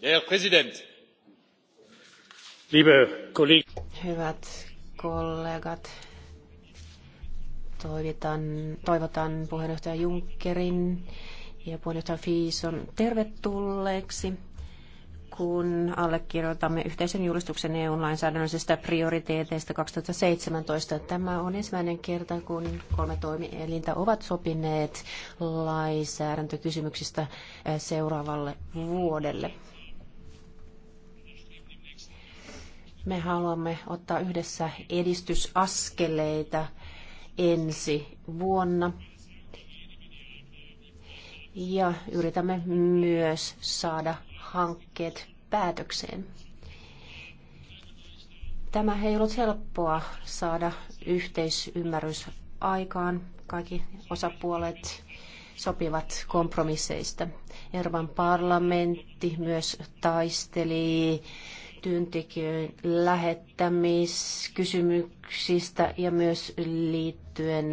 herr präsident liebe kollegen! hyvät kollegat toivotan, toivotan puheenjohtaja junckerin ja puheenjohtaja fison tervetulleiksi kun allekirjoitamme yhteisen julistuksen eu lainsäädännöllisestä prioriteeteista 2017. Tämä on ensimmäinen kerta, kun kolme toimielintä ovat sopineet lainsäädäntökysymyksistä eh, seuraavalle vuodelle. Me haluamme ottaa yhdessä edistysaskeleita ensi vuonna. Ja yritämme myös saada hankkeet päätökseen. Tämä ei ollut helppoa saada yhteisymmärrys aikaan. Kaikki osapuolet sopivat kompromisseista. Ervan parlamentti myös taisteli työntekijöiden lähettämiskysymyksistä ja myös liittyen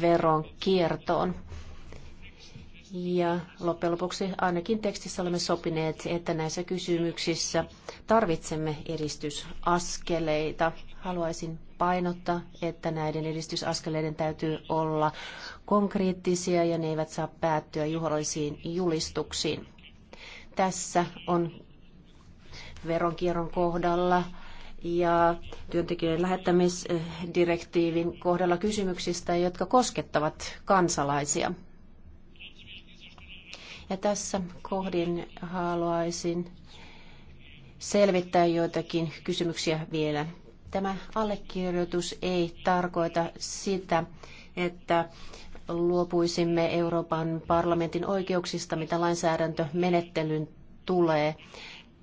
veron kiertoon. Ja loppujen lopuksi ainakin tekstissä olemme sopineet, että näissä kysymyksissä tarvitsemme edistysaskeleita. Haluaisin painottaa, että näiden edistysaskeleiden täytyy olla konkreettisia ja ne eivät saa päättyä juhlallisiin julistuksiin. Tässä on veronkierron kohdalla ja työntekijöiden lähettämisdirektiivin kohdalla kysymyksistä, jotka koskettavat kansalaisia. Ja tässä kohdin haluaisin selvittää joitakin kysymyksiä vielä. Tämä allekirjoitus ei tarkoita sitä, että luopuisimme Euroopan parlamentin oikeuksista, mitä lainsäädäntömenettelyn tulee,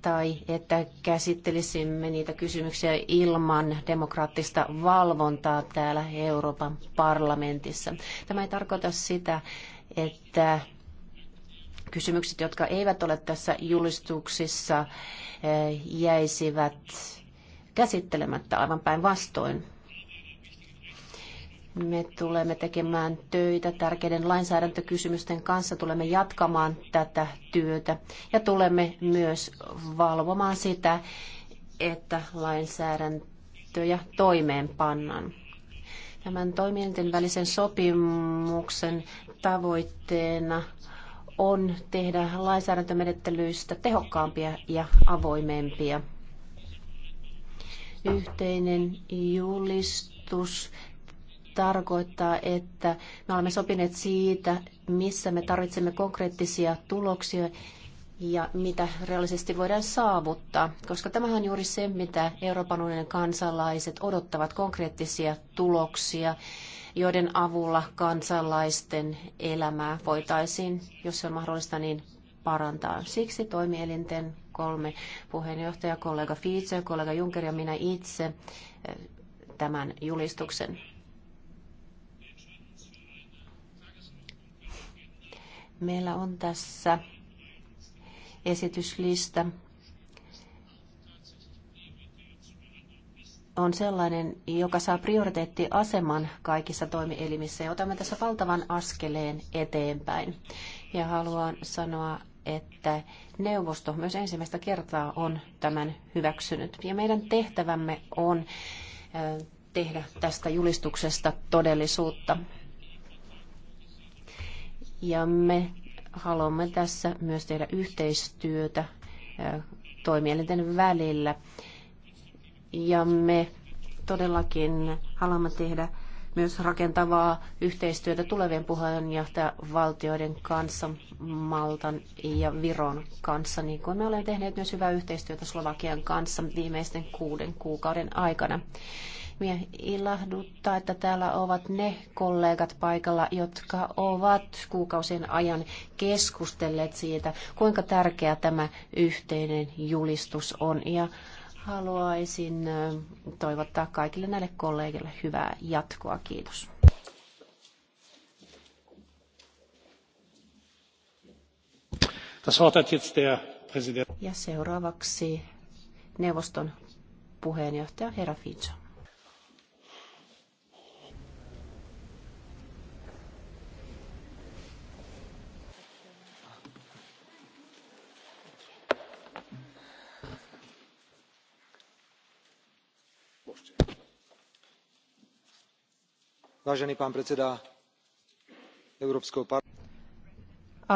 tai että käsittelisimme niitä kysymyksiä ilman demokraattista valvontaa täällä Euroopan parlamentissa. Tämä ei tarkoita sitä, että kysymykset, jotka eivät ole tässä julistuksissa, eh, jäisivät käsittelemättä aivan päinvastoin. Me tulemme tekemään töitä tärkeiden lainsäädäntökysymysten kanssa, tulemme jatkamaan tätä työtä ja tulemme myös valvomaan sitä, että lainsäädäntöjä toimeenpannaan. Tämän toimielinten välisen sopimuksen tavoitteena on tehdä lainsäädäntömenettelyistä tehokkaampia ja avoimempia. Yhteinen julistus tarkoittaa, että me olemme sopineet siitä, missä me tarvitsemme konkreettisia tuloksia ja mitä reaalisesti voidaan saavuttaa, koska tämähän on juuri se, mitä Euroopan unionin kansalaiset odottavat, konkreettisia tuloksia, joiden avulla kansalaisten elämää voitaisiin, jos se on mahdollista, niin parantaa. Siksi toimielinten kolme puheenjohtaja, kollega Fiitse, kollega Juncker ja minä itse eh, tämän julistuksen. Meillä on tässä esityslista on sellainen, joka saa prioriteettiaseman kaikissa toimielimissä ja otamme tässä valtavan askeleen eteenpäin. Ja haluan sanoa, että neuvosto myös ensimmäistä kertaa on tämän hyväksynyt. Ja meidän tehtävämme on tehdä tästä julistuksesta todellisuutta. Ja me haluamme tässä myös tehdä yhteistyötä toimielinten välillä. Ja me todellakin haluamme tehdä myös rakentavaa yhteistyötä tulevien puheenjohtajavaltioiden kanssa, Maltan ja Viron kanssa, niin kuin me olemme tehneet myös hyvää yhteistyötä Slovakian kanssa viimeisten kuuden kuukauden aikana. Minä ilahduttaa, että täällä ovat ne kollegat paikalla, jotka ovat kuukausien ajan keskustelleet siitä, kuinka tärkeä tämä yhteinen julistus on. Ja haluaisin toivottaa kaikille näille kollegille hyvää jatkoa. Kiitos. Ja seuraavaksi neuvoston puheenjohtaja herra Fico. vážený pán predseda európskeho parlamentu